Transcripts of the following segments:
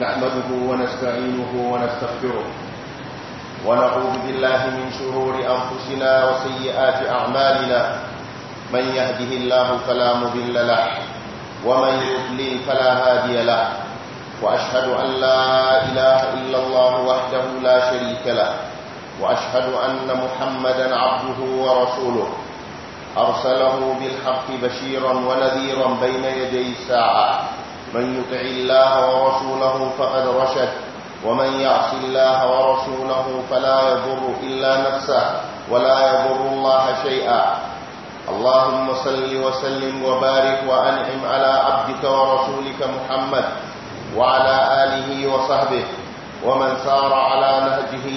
نحمده ونستعينه ونستغفره ونعوذ بالله من شرور أنفسنا وسيئات أعمالنا من يهده الله فلا مضل له ومن يضلل فلا هادي له وأشهد أن لا إله إلا الله وحده لا شريك له وأشهد أن محمدا عبده ورسوله أرسله بالحق بشيرا ونذيرا بين يدي الساعة من يطع الله ورسوله فقد رشد ومن يعص الله ورسوله فلا يضر إلا نفسه ولا يضر الله شيئا اللهم صل وسلم وبارك وأنعم على عبدك ورسولك محمد وعلى آله وصحبه ومن سار على نهجه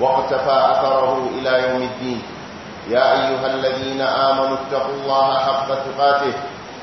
واقتفى أثره إلى يوم الدين يا أيها الذين آمنوا اتقوا الله حق تقاته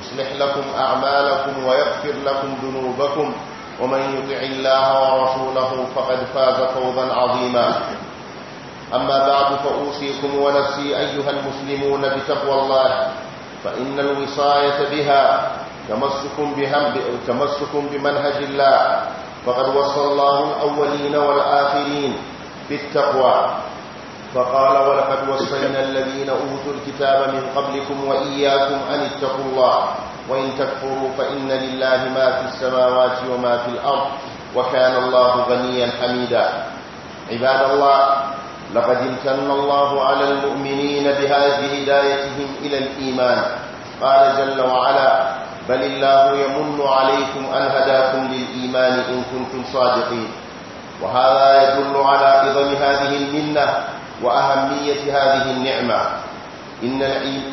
يصلح لكم أعمالكم ويغفر لكم ذنوبكم ومن يطع الله ورسوله فقد فاز فوضا عظيما أما بعد فأوصيكم ونفسي أيها المسلمون بتقوى الله فإن الوصاية بها تمسك بمنهج الله فقد وصى الله الأولين والآخرين بالتقوى فقال ولقد وصينا الذين أوتوا الكتاب من قبلكم وإياكم أن اتقوا الله وإن تكفروا فإن لله ما في السماوات وما في الأرض وكان الله غنيا حميدا عباد الله لقد امتن الله على المؤمنين بهدايتهم إلى الإيمان قال جل وعلا بل الله يمن عليكم أن هداكم للإيمان إن كنتم صادقين وهذا يدل على عظم هذه المنة وأهمية هذه النعمة إن,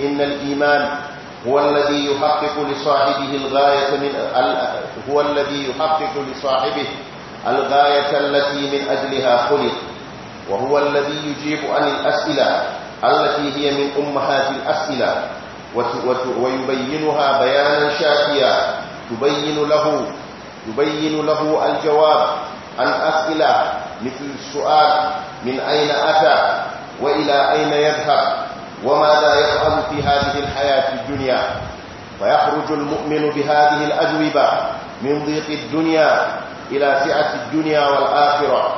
إن الإيمان هو الذي يحقق لصاحبه الغاية من هو الذي يحقق لصاحبه الغاية التي من أجلها خلق وهو الذي يجيب عن الأسئلة التي هي من أمهات الأسئلة ويبينها بيانا شافيا تبين له تبين له الجواب عن أسئلة مثل السؤال من أين أتى وإلى أين يذهب وماذا يفعل في هذه الحياة الدنيا فيخرج المؤمن بهذه الأجوبة من ضيق الدنيا إلى سعة الدنيا والآخرة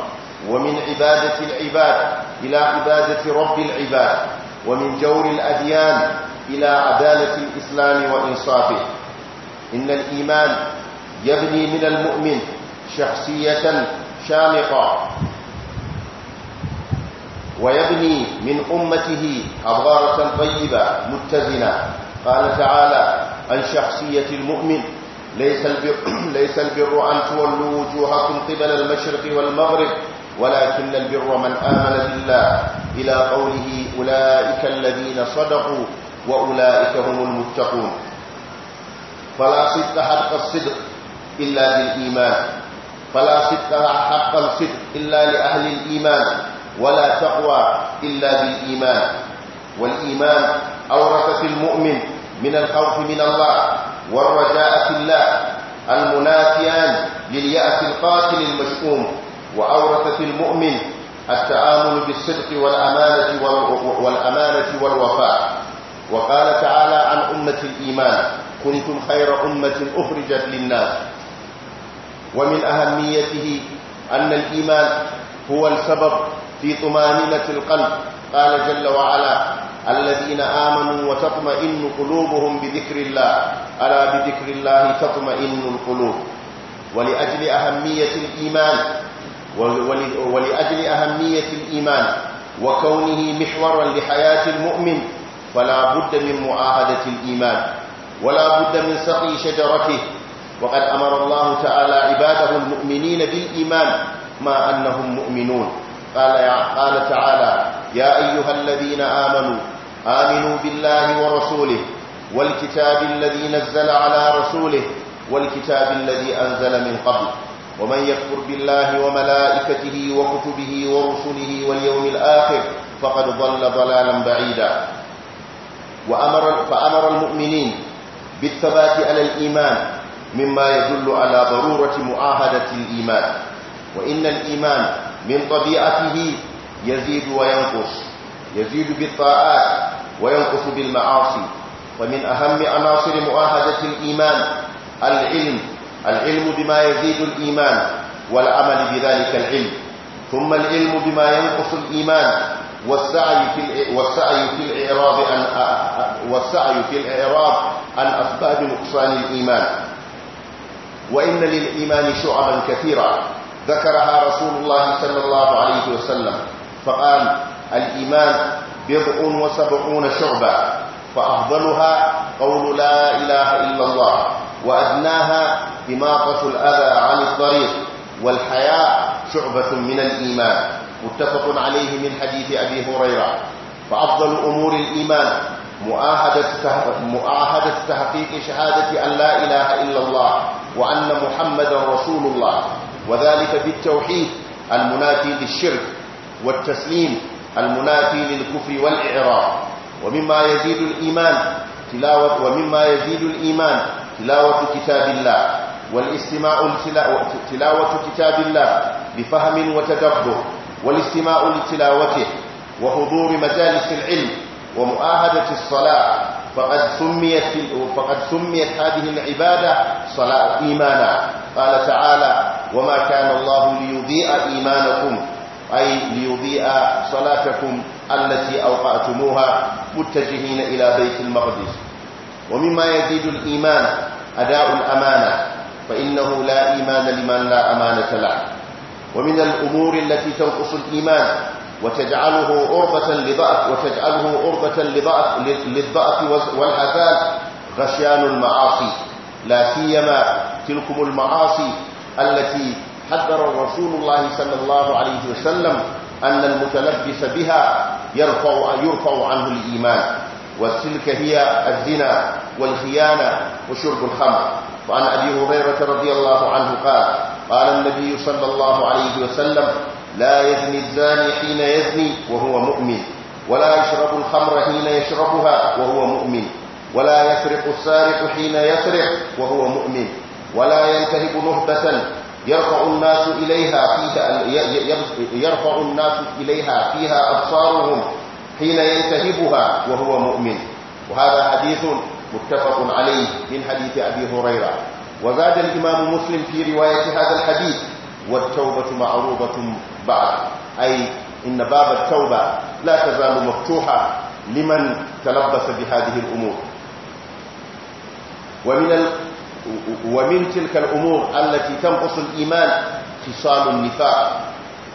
ومن عبادة العباد إلى عبادة رب العباد ومن جور الأديان إلى عدالة الإسلام وإنصافه إن الإيمان يبني من المؤمن شخصية شامخة ويبني من أمته أبغارة طيبة متزنة قال تعالى عن شخصية المؤمن ليس البر, ليس البر أن تولوا وجوهكم قبل المشرق والمغرب ولكن البر من آمن بالله إلى قوله أولئك الذين صدقوا وأولئك هم المتقون فلا صدق حق الصدق إلا بالإيمان فلا صدق حق الصدق إلا لأهل الإيمان ولا تقوى إلا بالإيمان والإيمان في المؤمن من الخوف من الله والرجاء في الله المنافيان لليأس القاتل المشؤوم في المؤمن التعامل بالصدق والأمانة, والأمانة والوفاء وقال تعالى عن أمة الإيمان كنتم خير أمة أخرجت للناس ومن أهميته أن الإيمان هو السبب في طمانينة القلب قال جل وعلا الذين آمنوا وتطمئن قلوبهم بذكر الله ألا بذكر الله تطمئن القلوب ولأجل أهمية الإيمان ولأجل أهمية الإيمان وكونه محورا لحياة المؤمن فلا بد من معاهدة الإيمان ولا بد من سقي شجرته وقد أمر الله تعالى عباده المؤمنين بالإيمان ما أنهم مؤمنون قال, قال تعالى يا أيها الذين آمنوا آمنوا بالله ورسوله والكتاب الذي نزل على رسوله والكتاب الذي أنزل من قبل ومن يكفر بالله وملائكته وكتبه ورسله واليوم الآخر فقد ضل ضلالا بعيدا وأمر فأمر المؤمنين بالثبات على الإيمان مما يدل على ضرورة معاهدة الإيمان وإن الإيمان من طبيعته يزيد وينقص يزيد بالطاعات وينقص بالمعاصي ومن أهم عناصر معاهدة الإيمان العلم العلم بما يزيد الإيمان والعمل بذلك العلم ثم العلم بما ينقص الإيمان والسعي في والسعي في الإعراض عن والسعي في الإعراض عن أسباب نقصان الإيمان وإن للإيمان شعبا كثيرة ذكرها رسول الله صلى الله عليه وسلم فقال الإيمان بضع وسبعون شعبة فأفضلها قول لا إله إلا الله وأدناها إماطة الأذى عن الطريق والحياء شعبة من الإيمان متفق عليه من حديث أبي هريرة فأفضل أمور الإيمان مؤاهدة تحقيق شهادة أن لا إله إلا الله وأن محمدا رسول الله وذلك بالتوحيد المنافي للشرك والتسليم المنافي للكفر والإعراض ومما يزيد الإيمان تلاوة ومما يزيد الإيمان تلاوة كتاب الله والاستماع تلاوة كتاب الله بفهم وتدبر والاستماع لتلاوته وحضور مجالس العلم ومؤاهدة الصلاة فقد سميت فقد سميت هذه العبادة صلاة إيمانا قال تعالى وما كان الله ليضيء إيمانكم أي ليضيء صلاتكم التي أوقعتموها متجهين إلى بيت المقدس ومما يزيد الإيمان أداء الأمانة فإنه لا إيمان لمن لا أمانة له ومن الأمور التي تنقص الإيمان وتجعله أربة لضعف وتجعله أربة لضعف للضعف والحفال غشيان المعاصي لا سيما تلكم المعاصي التي حذر رسول الله صلى الله عليه وسلم أن المتلبس بها يرفع, يرفع عنه الإيمان وتلك هي الزنا والخيانة وشرب الخمر وعن أبي هريرة رضي الله عنه قال قال النبي صلى الله عليه وسلم لا يزني الزاني حين يزني وهو مؤمن ولا يشرب الخمر حين يشربها وهو مؤمن ولا يسرق السارق حين يسرق وهو مؤمن ولا ينتهب نهبة يرفع الناس إليها فيها يرفع الناس إليها فيها أبصارهم حين ينتهبها وهو مؤمن وهذا حديث متفق عليه من حديث أبي هريرة وزاد الإمام مسلم في رواية هذا الحديث والتوبة معروضة بعد أي إن باب التوبة لا تزال مفتوحة لمن تلبس بهذه الأمور ومن, ال... ومن تلك الأمور التي تنقص الإيمان خصال النفاق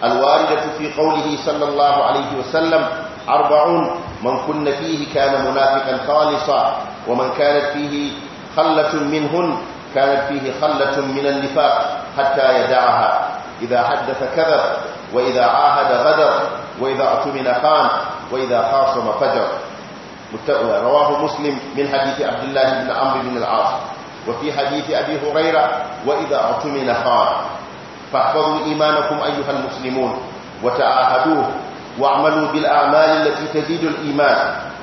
الواردة في قوله صلى الله عليه وسلم أربعون من كن فيه كان منافقا خالصا ومن كانت فيه خلة منهن كانت فيه خلة من النفاق حتى يدعها إذا حدث كذب وإذا عاهد غدر وإذا اؤتمن خان وإذا خاصم فجر رواه مسلم من حديث عبد الله بن عمرو بن العاص وفي حديث أبي هريرة وإذا اؤتمن خان فاحفظوا إيمانكم أيها المسلمون وتعاهدوه واعملوا بالأعمال التي تزيد الإيمان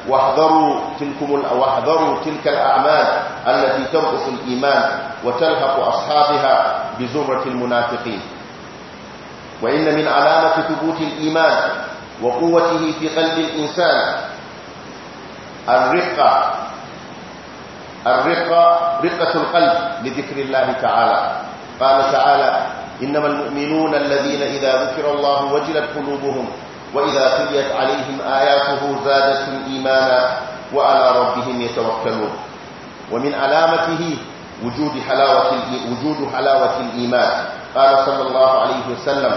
واحذروا, تلكم واحذروا تلك الأعمال التي تنقص الإيمان وتلحق أصحابها بزمرة المنافقين وإن من علامة ثبوت الإيمان وقوته في قلب الإنسان الرقة الرقة رقة القلب لذكر الله تعالى قال تعالى إنما المؤمنون الذين إذا ذكر الله وجلت قلوبهم وإذا تليت عليهم آياته زادتهم إيمانا وعلى ربهم يتوكلون ومن علامته وجود حلاوة وجود حلاوة الإيمان قال صلى الله عليه وسلم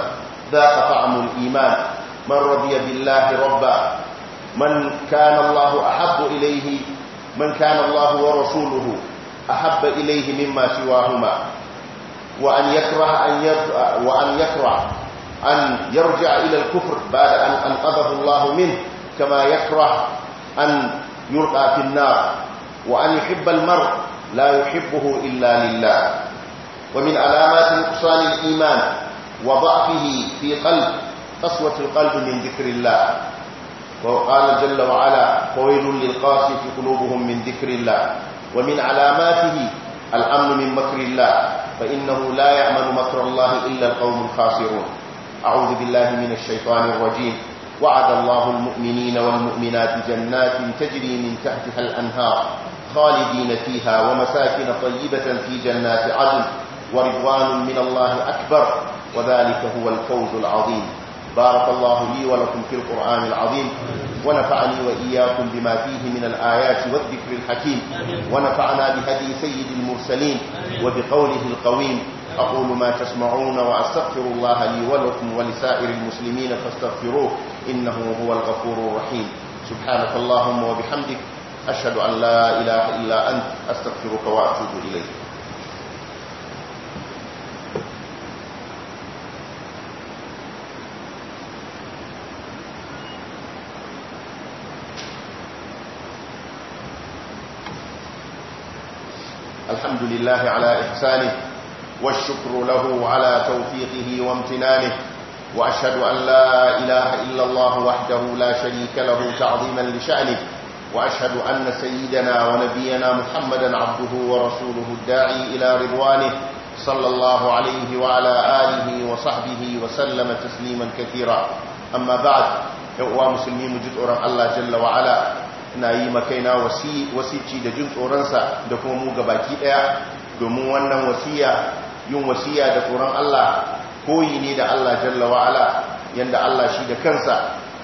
ذاق طعم الإيمان من رضي بالله ربا من كان الله أحب إليه من كان الله ورسوله أحب إليه مما سواهما وأن يكره أن وأن يكره أن يرجع إلى الكفر بعد أن أنقذه الله منه كما يكره أن يلقى في النار وأن يحب المرء لا يحبه إلا لله ومن علامات نقصان الإيمان وضعفه في قلب قسوة القلب من ذكر الله وقال جل وعلا فويل في قلوبهم من ذكر الله ومن علاماته الأمن من مكر الله فإنه لا يأمن مكر الله إلا القوم الخاسرون أعوذ بالله من الشيطان الرجيم وعد الله المؤمنين والمؤمنات جنات تجري من تحتها الأنهار خالدين فيها ومساكن طيبة في جنات عدن ورضوان من الله أكبر وذلك هو الفوز العظيم بارك الله لي ولكم في القرآن العظيم ونفعني وإياكم بما فيه من الآيات والذكر الحكيم ونفعنا بهدي سيد المرسلين وبقوله القويم أقول ما تسمعون وأستغفر الله لي ولكم ولسائر المسلمين فاستغفروه إنه هو الغفور الرحيم سبحانك اللهم وبحمدك أشهد أن لا إله إلا أنت أستغفرك وأتوب إليك الحمد لله على إحسانه والشكر له على توفيقه وامتنانه وأشهد أن لا إله إلا الله وحده لا شريك له تعظيما لشأنه وأشهد أن سيدنا ونبينا محمدا عبده ورسوله الداعي إلى رضوانه صلى الله عليه وعلى آله وصحبه وسلم تسليما كثيرا أما بعد يقوى مسلمين جزء الله جل وعلا na yi makaina wasici da jin tsoronsa da kuma muga baki ɗaya. domin wannan wasiya yin wasiya da tsoron Allah koyi ne da Allah jalla wa'ala yanda Allah shi da kansa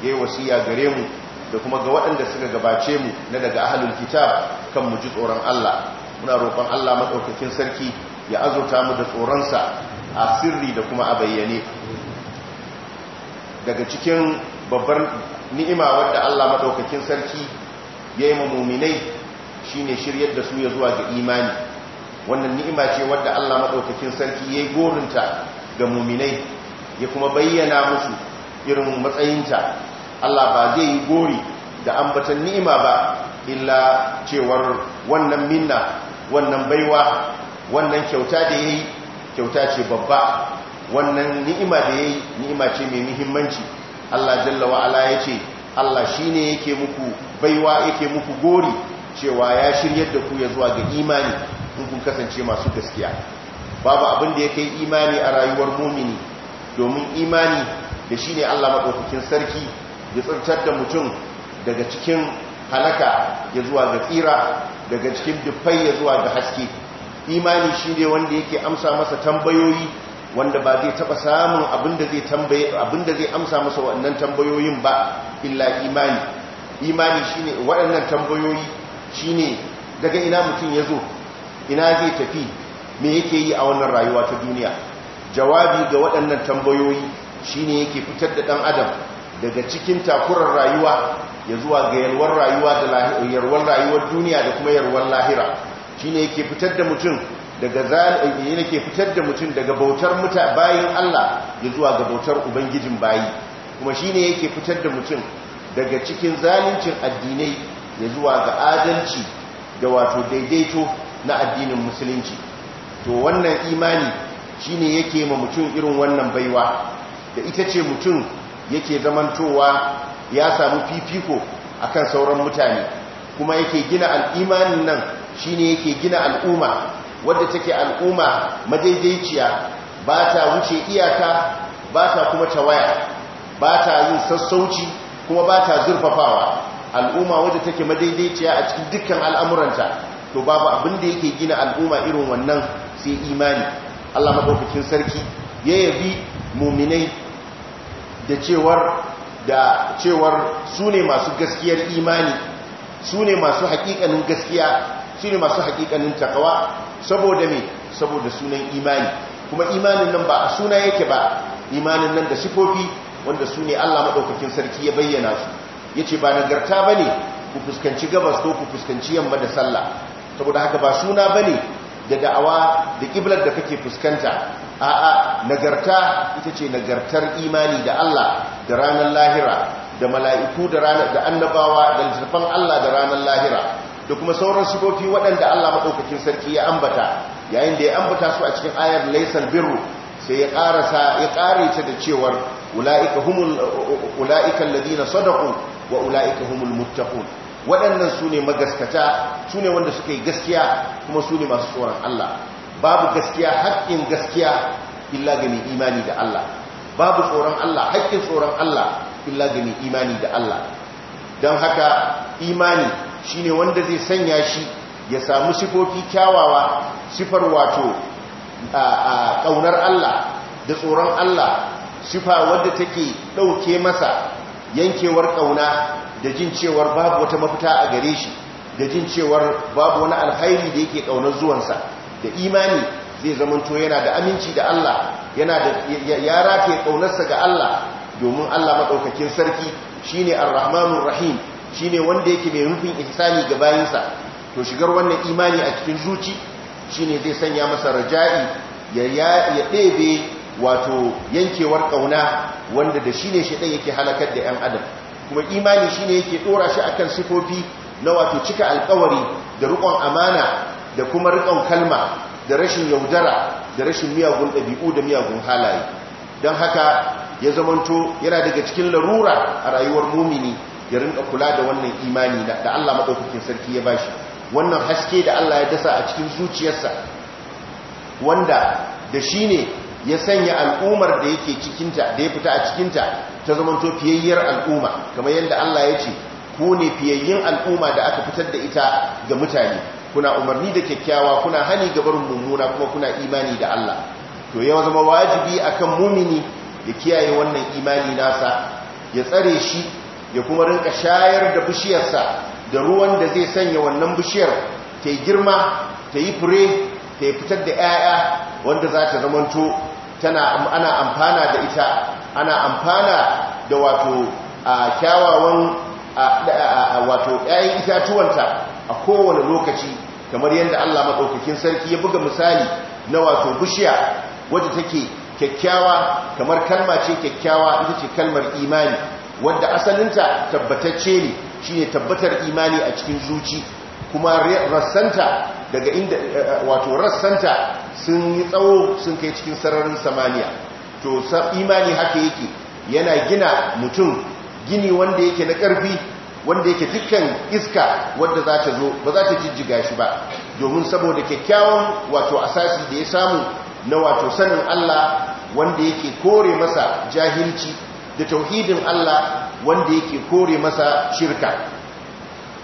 ya yi wasiya gare mu da kuma ga waɗanda suka gabace mu na daga ahalin kitab kan mu ji tsoron Allah muna roƙon Allah maɗaukakin sarki ya azurta mu da tsoronsa a sirri da kuma a bayyane daga cikin babbar ni'ima wadda Allah maɗaukakin sarki ya yi muminai shi ne shiryar da su ya zuwa ga imani wannan ni'ima ce wadda Allah maɗaukakin sarki ya yi gorinta ga muminai ya kuma bayyana musu irin matsayinta Allah ba zai yi gori da ambatan ni'ima ba illa cewar wannan minna wannan baiwa wannan kyauta da yayi kyauta ce babba wannan ni'ima da yayi ni'ima ce mai muhimmanci Allah jalla wa ala yace Allah shine yake muku baiwa yake muku gori cewa ya shiryar da ku ya zuwa ga imani in kun kasance masu gaskiya babu abin da ya kai imani a rayuwar mumini domin imani da shine Allah madaukakin sarki ya tsantar da mutum daga cikin halaka ya zuwa ga tsira daga cikin dufai ya zuwa ga haske imani shi ne wanda yake amsa masa tambayoyi wanda ba zai taba samun abinda zai zai amsa masa waɗannan tambayoyin ba illa imani imani shi ne waɗannan tambayoyi shi ne daga ina mutum ya zo ina zai tafi me yake yi a wannan rayuwa ta duniya jawabi ga waɗannan tambayoyi shi ne yake fitar da ɗan adam daga cikin takurar rayuwa ya zuwa ga yalwar rayuwa da yalwar rayuwar duniya da kuma yalwar lahira ne yake fitar da mutum daga zalimi eh, yake fitar da mutum daga bautar muta bayin Allah ya zuwa ga bautar ubangijin bayi kuma shi ne yake fitar da mutum daga cikin zalincin addinai ya zuwa ga adalci da wato daidaito na addinin musulunci to wannan imani shi ne yake ma mutum irin wannan baiwa da ita ce mutum yake zamantowa ya samu fifiko akan sauran mutane kuma yake gina al'imanin nan shine yake gina al'umma wadda take al'umma madaidaiciya ba ta wuce iyaka ba ta kuma tawaya ba ta yin sassauci kuma ba ta zurfafawa al'umma wadda take madaidaiciya a cikin dukkan al'amuranta to babu abin da yake gina al'umma irin wannan sai imani Allah maɗaukakin sarki ya yabi muminai da cewar da cewar su ne masu gaskiyar imani su ne masu hakikanin gaskiya su ne masu hakikanin takawa saboda me saboda sunan imani kuma imanin nan ba a suna yake ba imanin nan da sifofi wanda su ne Allah maɗaukakin sarki ya bayyana su ya ce ba nagarta ba ne ku fuskanci gabas ko ku fuskanci yamma da sallah saboda haka ba suna ba ne da da'awa da kiblar da kake fuskanta a'a nagarta ita ce nagartar imani da Allah da ranar lahira da mala'iku da ranar da annabawa da littattafan Allah da ranar lahira da kuma sauran sifofi waɗanda Allah maɗaukakin sarki ya ambata yayin da ya ambata su a cikin ayar laisar birru sai ya ƙarasa ya ƙare ta da cewar ula'ika humul ula'ika ladina sadaqu wa ula'ika humul muttaqun waɗannan su ne magaskata su ne wanda suka yi gaskiya kuma su ne masu tsoron Allah babu gaskiya haƙƙin gaskiya illa ga mai imani da Allah babu tsoron Allah haƙƙin tsoron Allah illa ga mai imani da Allah don haka imani shi ne wanda zai sanya shi ya samu sifofi kyawawa sifar wato a ƙaunar Allah da tsoron Allah sifa wadda take ɗauke masa yankewar ƙauna da jin cewar babu wata mafita a gare shi da jin cewar babu wani alhairi da yake kaunar zuwansa da imani zai zamanto yana da aminci da Allah yana da ya ƙaunarsa kaunarsa ga Allah domin Allah madaukakin sarki shine arrahmanur rahim shine wanda yake mai rufin ihsani ga bayinsa to shigar wannan imani a cikin zuci shine zai sanya masa raja'i ya ya ɗebe wato yankewar kauna wanda da shine shedan yake halakar da 'yan adam kuma imani shine yake ɗora shi akan sifofi na wato cika alkawari da rikon amana da kuma rikon kalma da rashin yaudara da rashin miyagun ɗabi'u da miyagun halaye don haka ya zamanto yana daga cikin larura a rayuwar mumini ya rinka kula da wannan imani da Allah maɗaukakin sarki ya ba shi wannan haske da Allah ya dasa a cikin zuciyarsa wanda da shi ne ya sanya al'ummar da yake cikinta da ya fita a cikinta ta zamanto fiyayyar al'umma kamar yadda Allah ya ce ku ne fiyayyin al'umma da aka fitar da ita ga mutane kuna umarni da kyakkyawa kuna hani ga barin mummuna kuma kuna imani da Allah to ya zama wajibi a kan mumini ya kiyaye wannan imani nasa ya tsare shi ya kuma rinka shayar da bishiyarsa da ruwan da zai sanya wannan bishiyar ta yi girma ta yi fure ta yi fitar da 'ya'ya wanda za ta zamanto tana ana amfana da ita ana amfana da wato kyawawan wato ƴaƴan itatuwanta a kowane lokaci kamar yadda Allah madaukakin sarki ya buga misali na wato bishiya wadda take kyakkyawa kamar kalma ce kyakkyawa ita ce kalmar imani wadda asalinta tabbatacce ne shine tabbatar imani a cikin zuci kuma rassanta daga inda eh, eh, wato rassanta sun yi tsawo sun kai cikin sararin samaniya to imani haka yake yana gina mutum gini wanda yake na karfi wanda yake dukkan iska wanda za ta zo ba za ta jijjiga shi ba domin saboda kyakkyawan wato asasi da ya samu na wato sanin Allah wanda yake kore masa jahilci da tauhidin Allah wanda yake kore masa shirka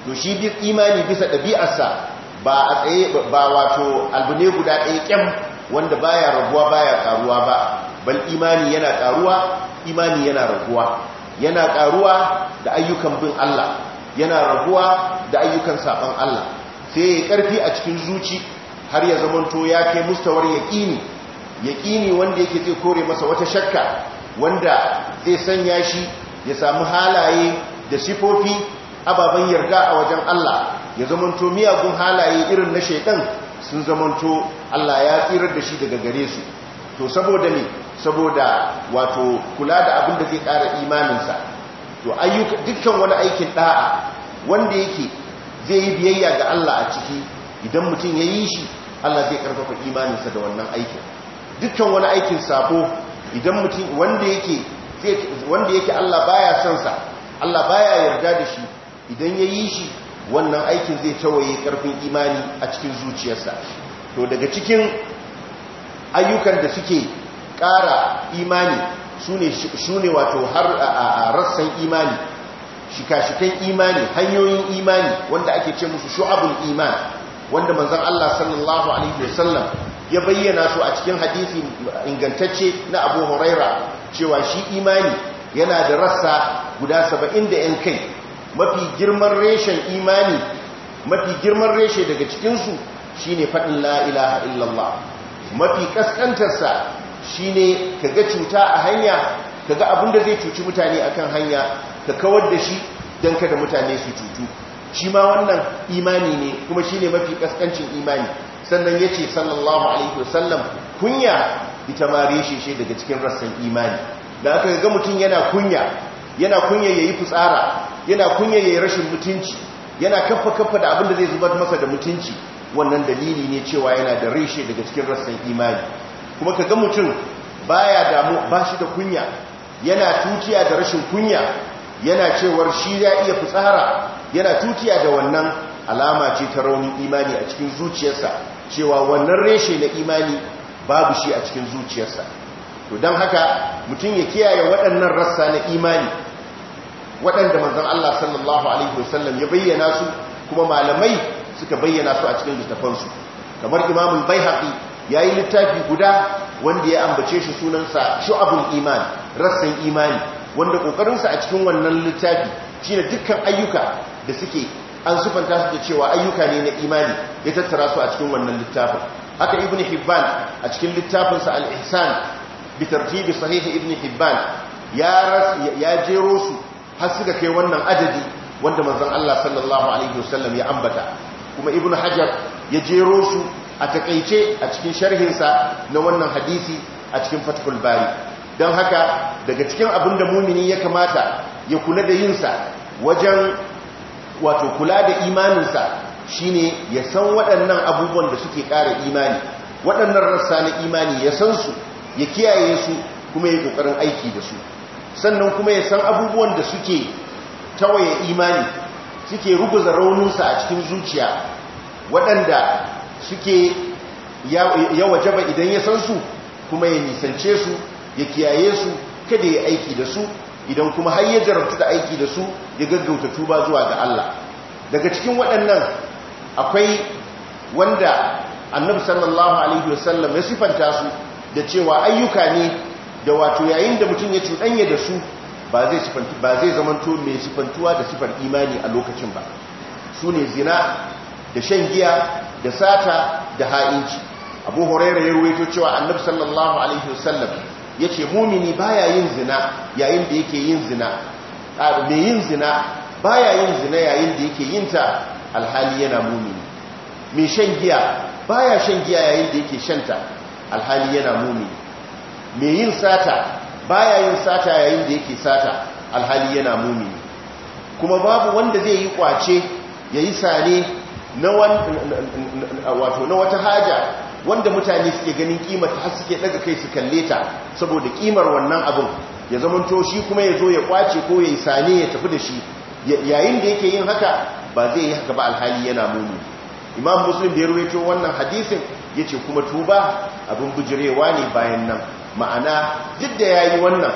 to shi imani bisa ɗabi'arsa ba a tsaye ba wato albu ne guda ɗaya ƙyam wanda baya raguwa baya ƙaruwa ba bal imani yana ƙaruwa imani yana raguwa yana ƙaruwa da ayyukan bin Allah yana raguwa da ayyukan saɓan Allah sai ya ƙarfi a cikin zuci har ya zamanto ya kai mustawar yaƙini yaƙini wanda yake zai kore masa wata shakka wanda zai sanya shi ya samu halaye da sifofi ababen yarda a wajen Allah ya zamanto miyagun halaye irin na shekan sun zamanto Allah ya tsirar da shi daga gare su to saboda ne saboda wato kula da abin da zai ƙara imaninsa to ayyuka dukkan wani aikin ɗa'a wanda yake zai yi biyayya ga Allah a ciki idan mutum ya yi shi Allah zai karfafa imaninsa da wannan aikin dukkan wani aikin sabo idan mutum wanda yake wanda Allah baya sansa Allah baya yarda da shi idan ya yi shi wannan aikin zai tawaye karfin imani a cikin zuciyarsa to daga cikin ayyukan da suke ƙara imani su ne wato har a rassan imani shika-shikan imani hanyoyin imani wanda ake ce musu shu'abul iman wanda manzan Allah sallallahu alaihi wasallam ya bayyana su a cikin hadisi ingantacce na abu huraira cewa shi imani yana da rassa guda saba'in da 'yan kai mafi girman reshen imani mafi girman reshe daga cikinsu shi ne faɗin la'ilaha illallah mafi ƙasƙantarsa shi ne ka ga cuta a hanya ka ga abin da zai cuci mutane a kan hanya ka kawar da shi don kada mutane su cutu shi ma wannan imani ne kuma shi ne mafi ƙasƙancin imani sannan ya ce sallallahu alaihi wasallam kunya ita ma reshe shi daga cikin rassan imani da aka ga mutum yana kunya yana kunya ya yi fitsara yana kunya yi rashin mutunci yana kaffa kaffa da abin da zai zubar masa da mutunci wannan dalili ne cewa yana da reshe daga cikin rassan imani kuma ka ga mutum baya damu shi da kunya yana tutiya da rashin kunya yana cewar shi ya iya fitsara yana tutiya da wannan alama ce ta raunin imani a cikin zuciyarsa cewa wannan reshe na imani babu shi a cikin zuciyarsa to don haka mutum ya kiyaye waɗannan rassa na imani waɗanda manzan Allah sallallahu alaihi wasallam ya bayyana su kuma malamai suka bayyana su a cikin littafansu kamar imamul ya yi littafi guda wanda ya ambace shi sunansa shu'abul iman rassan imani wanda ƙoƙarinsa a cikin wannan littafi ne dukkan ayyuka da suke an sufanta su da cewa ayyuka ne na imani ya tattara su a cikin wannan littafin haka ibn hibban a cikin littafinsa al-ihsan bi tartibi sahih ibn hibban ya jero su har suka kai wannan adadi wanda manzon Allah sallallahu alaihi wasallam ya ambata kuma ibnu hajar ya jero su a takeice a cikin sharhinsa na wannan hadisi a cikin fathul bari don haka daga cikin abinda da mumini ya kamata ya kula da yin sa wajen wato kula da imanin sa shine ya san waɗannan abubuwan da suke ƙara imani waɗannan rassa na imani ya san su ya kiyaye su kuma ya ƙoƙarin aiki da su sannan kuma ya san abubuwan da suke tawaye imani suke ruguza rauninsa a cikin zuciya waɗanda suke ya jaba idan ya san su kuma ya nisance su ya kiyaye su kada ya aiki da su idan kuma har ya jarabtu da aiki da su ya gaggauta tuba zuwa ga Allah daga cikin waɗannan akwai wanda annabi sallallahu alaihi wasallam ya sifanta su da cewa ayyuka ne da wato yayin da mutum ya cuɗanya da su ba zai sifantu ba zai zamanto mai sifantuwa da sifar imani a lokacin ba su ne zina da shan giya da sata da ha'inci abu huraira ya ruwaito cewa annabi sallallahu alaihi wasallam yace mumini baya yin zina yayin da yake yin zina mai yin zina baya yin zina yayin da yake yin ta alhali yana mumini mai shan giya baya shan giya yayin da yake shanta alhali yana mumini mai yin sata baya yin sata yayin da yake sata alhali yana mumini kuma babu wanda zai yi kwace ya yi sane na wata haja wanda mutane suke ganin kimar ta suke daga kai su kalle ta saboda kimar wannan abin ya zamanto shi kuma ya zo ya kwace ko ya yi sane ya tafi da shi yayin da yake yin haka ba zai yi haka ba alhali yana mumini imam muslim da ya ruwaito wannan hadisin ya ce kuma tuba abin bujirewa ne bayan nan ma'ana duk da yi wannan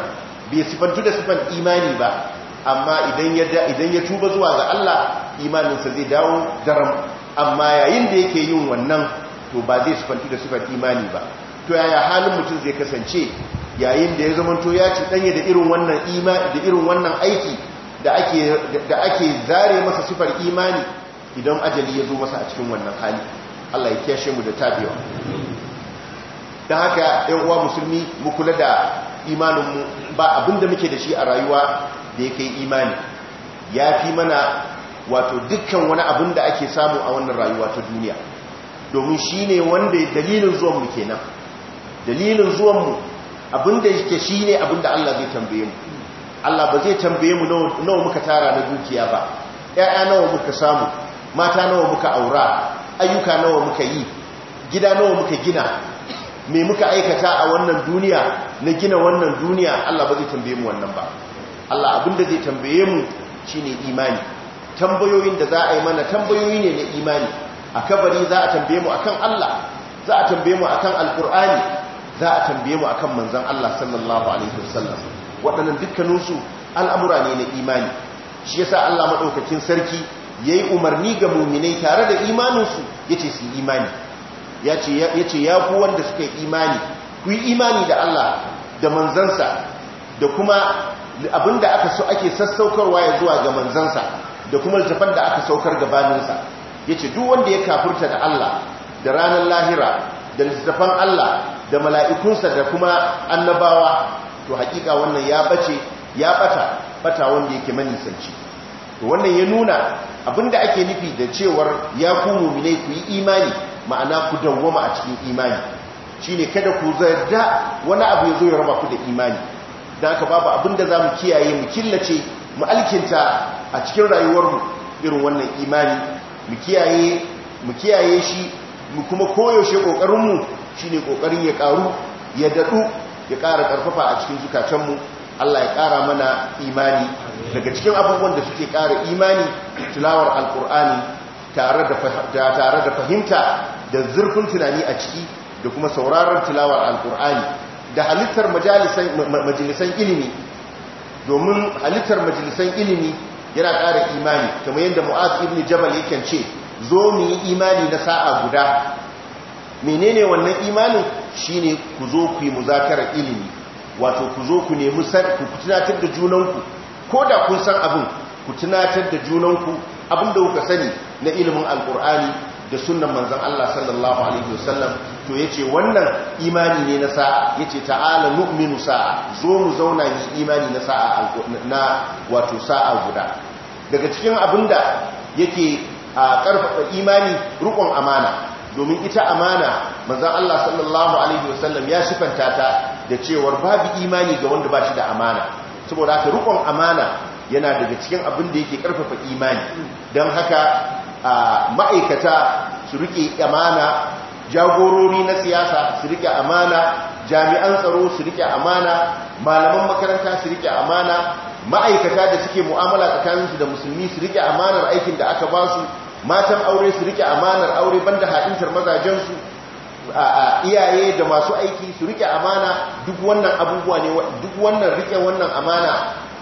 bai sifantu da sifan imani ba amma idan ya tuba zuwa ga Allah imaninsa zai dawo daram amma yayin da yake yin wannan to ba zai sifantu da sifan imani ba to yaya halin mutum zai kasance yayin da ya zamanto ya ci danye da irin wannan imani da irin wannan aiki da ake da ake zare masa sifar imani idan ajali ya zo masa a cikin wannan hali Allah ya kiyashe mu da tabewa don haka yan uwa musulmi mu kula da imaninmu ba abinda muke da shi a rayuwa da ya kai imani ya fi mana wato dukkan wani abinda ake samu a wannan rayuwa ta duniya domin shi ne wanda dalilin zuwanmu nan. dalilin zuwanmu abinda yake shi ne abinda Allah zai tambaye mu Allah ba zai tambaye mu nawa muka tara na dukiya ba ‘ya'ya nawa muka samu mata nawa muka aura ayyuka nawa muka yi gida nawa muka gina me muka aikata a wannan duniya na gina wannan duniya Allah ba zai tambaye mu wannan ba Allah abin da zai tambaye mu shine imani tambayoyin da za a yi mana tambayoyi ne na imani a kabari za a tambaye mu akan Allah za a tambaye mu akan alkur'ani za a tambaye mu akan manzon Allah sallallahu alaihi wasallam waɗannan dukkaninsu al'amura ne na imani shi yasa Allah madaukakin sarki yayi umarni ga mu'minai tare da imaninsu yace su imani ya ce ya ku wanda suka imani ku yi imani da Allah da manzansa da kuma abinda aka so ake sassaukarwa ya zuwa ga manzansa da kuma littafin da aka saukar gabaninsa ya ce duk wanda ya kafurta da Allah da ranar lahira da littattafan Allah da mala'ikunsa da kuma annabawa to hakika wannan ya bace ya bata bata wanda yake manisanci to wannan ya nuna abinda ake nufi da cewar ya ku mu'minai ku yi imani ma'ana ku dawwama a cikin imani shine kada ku zarda wani abu ya zo ya raba ku da imani dan haka babu abinda da mu kiyaye mu killace mu alkinta a cikin rayuwarmu irin wannan imani mu kiyaye mu kiyaye shi mu kuma koyaushe shi shine kokarin ya karu ya dadu ya ƙara ƙarfafa a cikin mu Allah ya ƙara mana imani daga cikin abubuwan da suke ƙara imani tilawar alƙur'ani tare da fahimta da zurfin tunani a ciki da kuma sauraron tilawar alkur'ani da halittar majalisan ilimi domin halittar majalisan ilimi yana ƙara imani kamar yadda mu'az ibn jabal yake ce zo mu yi imani na sa'a guda menene wannan imanin shine ku zo ku yi muzakarar ilimi wato ku zo ku nemi ku tunatar da junanku ko da kun san abin ku tunatar da junanku abin da kuka sani na ilimin alkur'ani da sunan manzan Allah sallallahu alaihi wasallam to yace wannan imani ne na sa'a yace ta'ala nu'minu sa'a zo mu zauna yi imani na sa'a na wato sa'a guda daga cikin abin yake a karfafa imani rukun amana domin ita amana manzan Allah sallallahu alaihi wasallam ya sifanta ta da cewar babu imani ga wanda ba shi da amana saboda haka rukun amana yana daga cikin abin da yake karfafa imani don haka ma'aikata su rike amana jagorori na siyasa su rike amana jami'an tsaro su rike amana malaman makaranta su rike amana ma'aikata da suke mu'amala tsakaninsu da musulmi su rike amanar aikin da aka basu matan aure su rike amanar aure banda haɗintar mazajensu iyaye da masu aiki su rike amana duk wannan abubuwa ne duk wannan rike wannan amana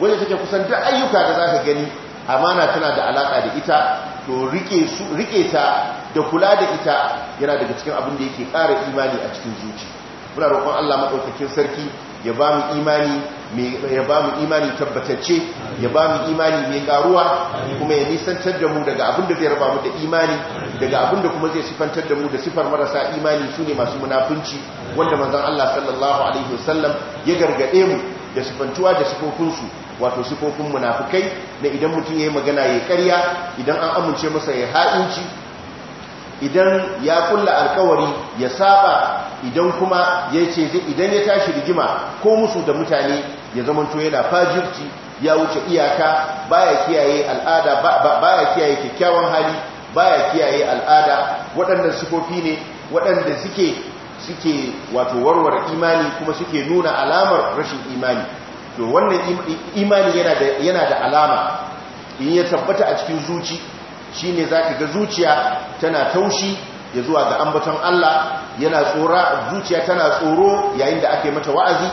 wanda take kusan duk ayyuka da za ka gani amana tana da alaka da ita to rike ta da kula da ita yana daga cikin abin da yake ƙara imani a cikin zuci muna roƙon Allah maɗaukakin sarki ya ba mu imani ya ba mu imani tabbatacce ya ba mu imani mai ƙaruwa kuma ya nisantar da mu daga abin da zai raba mu da imani daga abin da kuma zai sifantar da mu da sifar marasa imani su ne masu munafunci wanda manzon Allah sallallahu alaihi wasallam ya gargaɗe mu da sifantuwa da sifofinsu wato sifofin munafikai na idan mutum ya yi magana ya karya idan an amince masa ya ha'inci idan ya kulla alkawari ya saba idan kuma ya ce idan ya tashi rigima ko musu da mutane ya zamanto yana fajirci ya wuce iyaka baya kiyaye al'ada baya kiyaye kyakkyawan hali baya kiyaye al'ada waɗannan sifofi ne waɗanda suke suke wato warware imani kuma suke nuna alamar rashin imani to wannan imani yana da alama in ya tabbata a cikin zuci shine zaka ga zuciya tana taushi ya zuwa ga ambaton Allah yana tsora zuciya tana tsoro yayin da ake mata wa'azi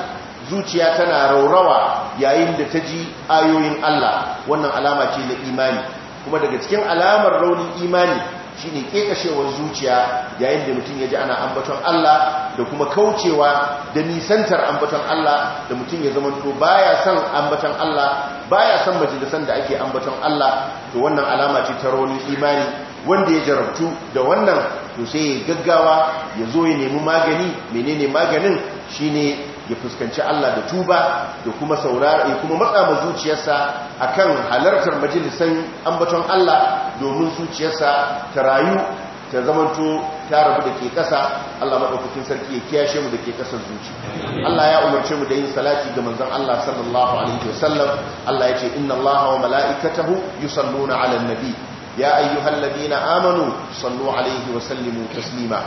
zuciya tana raurawa yayin da ta ji ayoyin Allah wannan alama ce na imani kuma daga cikin alamar raunin imani shine kekashewar zuciya yayin da mutum ya ji ana ambaton Allah da kuma kaucewa da nisantar ambaton Allah da mutum ya zama to baya son ambaton Allah baya son majalisan da ake ambaton Allah to wannan alama ce ta rauni imani wanda ya jarabtu da wannan to sai ya gaggawa ya zo ya nemi magani menene maganin shine ya fuskanci Allah da tuba da kuma saurara kuma matsa zuciyarsa akan halartar majalisan ambaton Allah domin zuciyarsa ta rayu ta zamanto ta rabu da ke ƙasa Allah maɗaukakin sarki ya kiyashe mu da ke ƙasar zuci Allah ya umarce mu da yin salati ga manzon Allah sallallahu alaihi wasallam Allah ya ce inna Allaha wa mala'ikatahu yusalluna 'alan nabi ya ayyuhalladhina amanu sallu 'alaihi wa sallimu taslima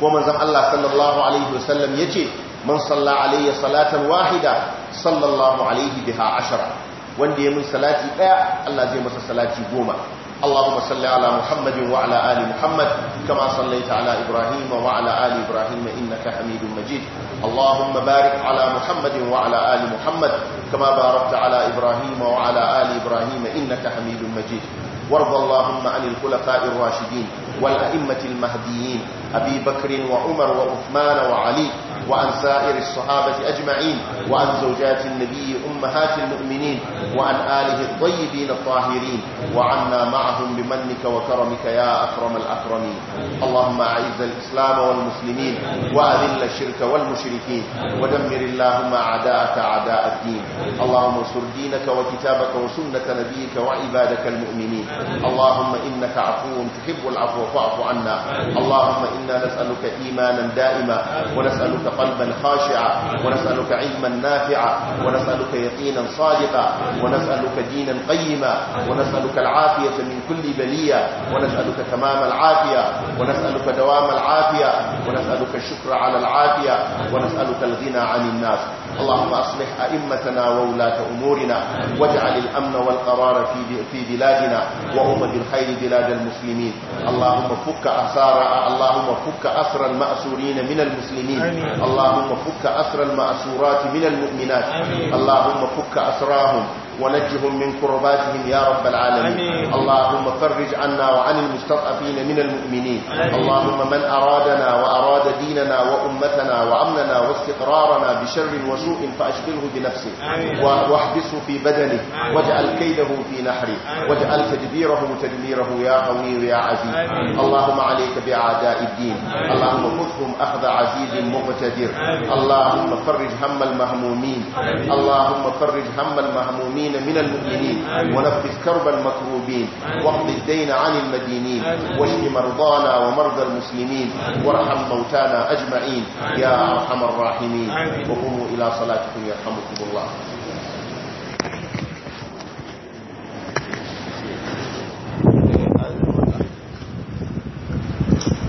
ko manzon Allah sallallahu alaihi wasallam yace man salla alayya salatan wahida sallallahu alaihi biha ashara wanda ya min salati daya Allah zai masa salati goma Allahumma salli Muhammadin wa ala kama sallaita ala Ibrahim wa ala ali barik ala Muhammadin wa Muhammad kama barakta ala Ibrahim wa ala ali Ibrahim innaka Hamidum Majid وارض اللهم عن الخلفاء الراشدين والأئمة المهديين أبي بكر وعمر وعثمان وعن سائر الصحابة أجمعين وعن زوجات النبي أمهات المؤمنين وعن آله الطيبين الطاهرين وعنا معهم بمنك وكرمك يا أكرم الأكرمين اللهم أعز الإسلام والمسلمين وأذل الشرك والمشركين ودمر اللهم أعداءك أعداء الدين اللهم انصر دينك وكتابك وسنة نبيك وعبادك المؤمنين اللهم إنك عفو تحب العفو فاعف عنا اللهم إنا نسألك إيمانا دائما ونسألك قلبا خاشعا ونسألك علما نافعا ونسألك يقينا صادقا ونسألك دينا قيما ونسألك العافية من كل بلية ونسألك تمام العافية ونسألك دوام العافية ونسألك الشكر على العافية ونسألك الغنى عن الناس اللهم أصلح أئمتنا وولاة أمورنا واجعل الأمن والقرار في في بلادنا وأمة الخير بلاد المسلمين اللهم فك أسار اللهم فك أسر المأسورين من المسلمين اللهم فك أسر المأسورات من المؤمنات اللهم فك أسراهم ونجهم من كرباتهم يا رب العالمين اللهم فرج عنا وعن المستضعفين من المؤمنين اللهم من أرادنا وأراد ديننا وأمتنا وأمننا واستقرارنا بشر وسوء فأشغله بنفسه واحبسه في بدنه واجعل كيده في نحره واجعل تدبيره تدميره يا قوي يا عزيز اللهم عليك بأعداء الدين اللهم خذهم أخذ عزيز مقتدر اللهم فرج هم المهمومين اللهم فرج هم المهمومين المحسنين من المؤمنين ونفذ كرب المكروبين واقض الدين عن المدينين واشف مرضانا ومرضى المسلمين وارحم موتانا أجمعين يا أرحم الراحمين وقوموا إلى صلاتكم يرحمكم الله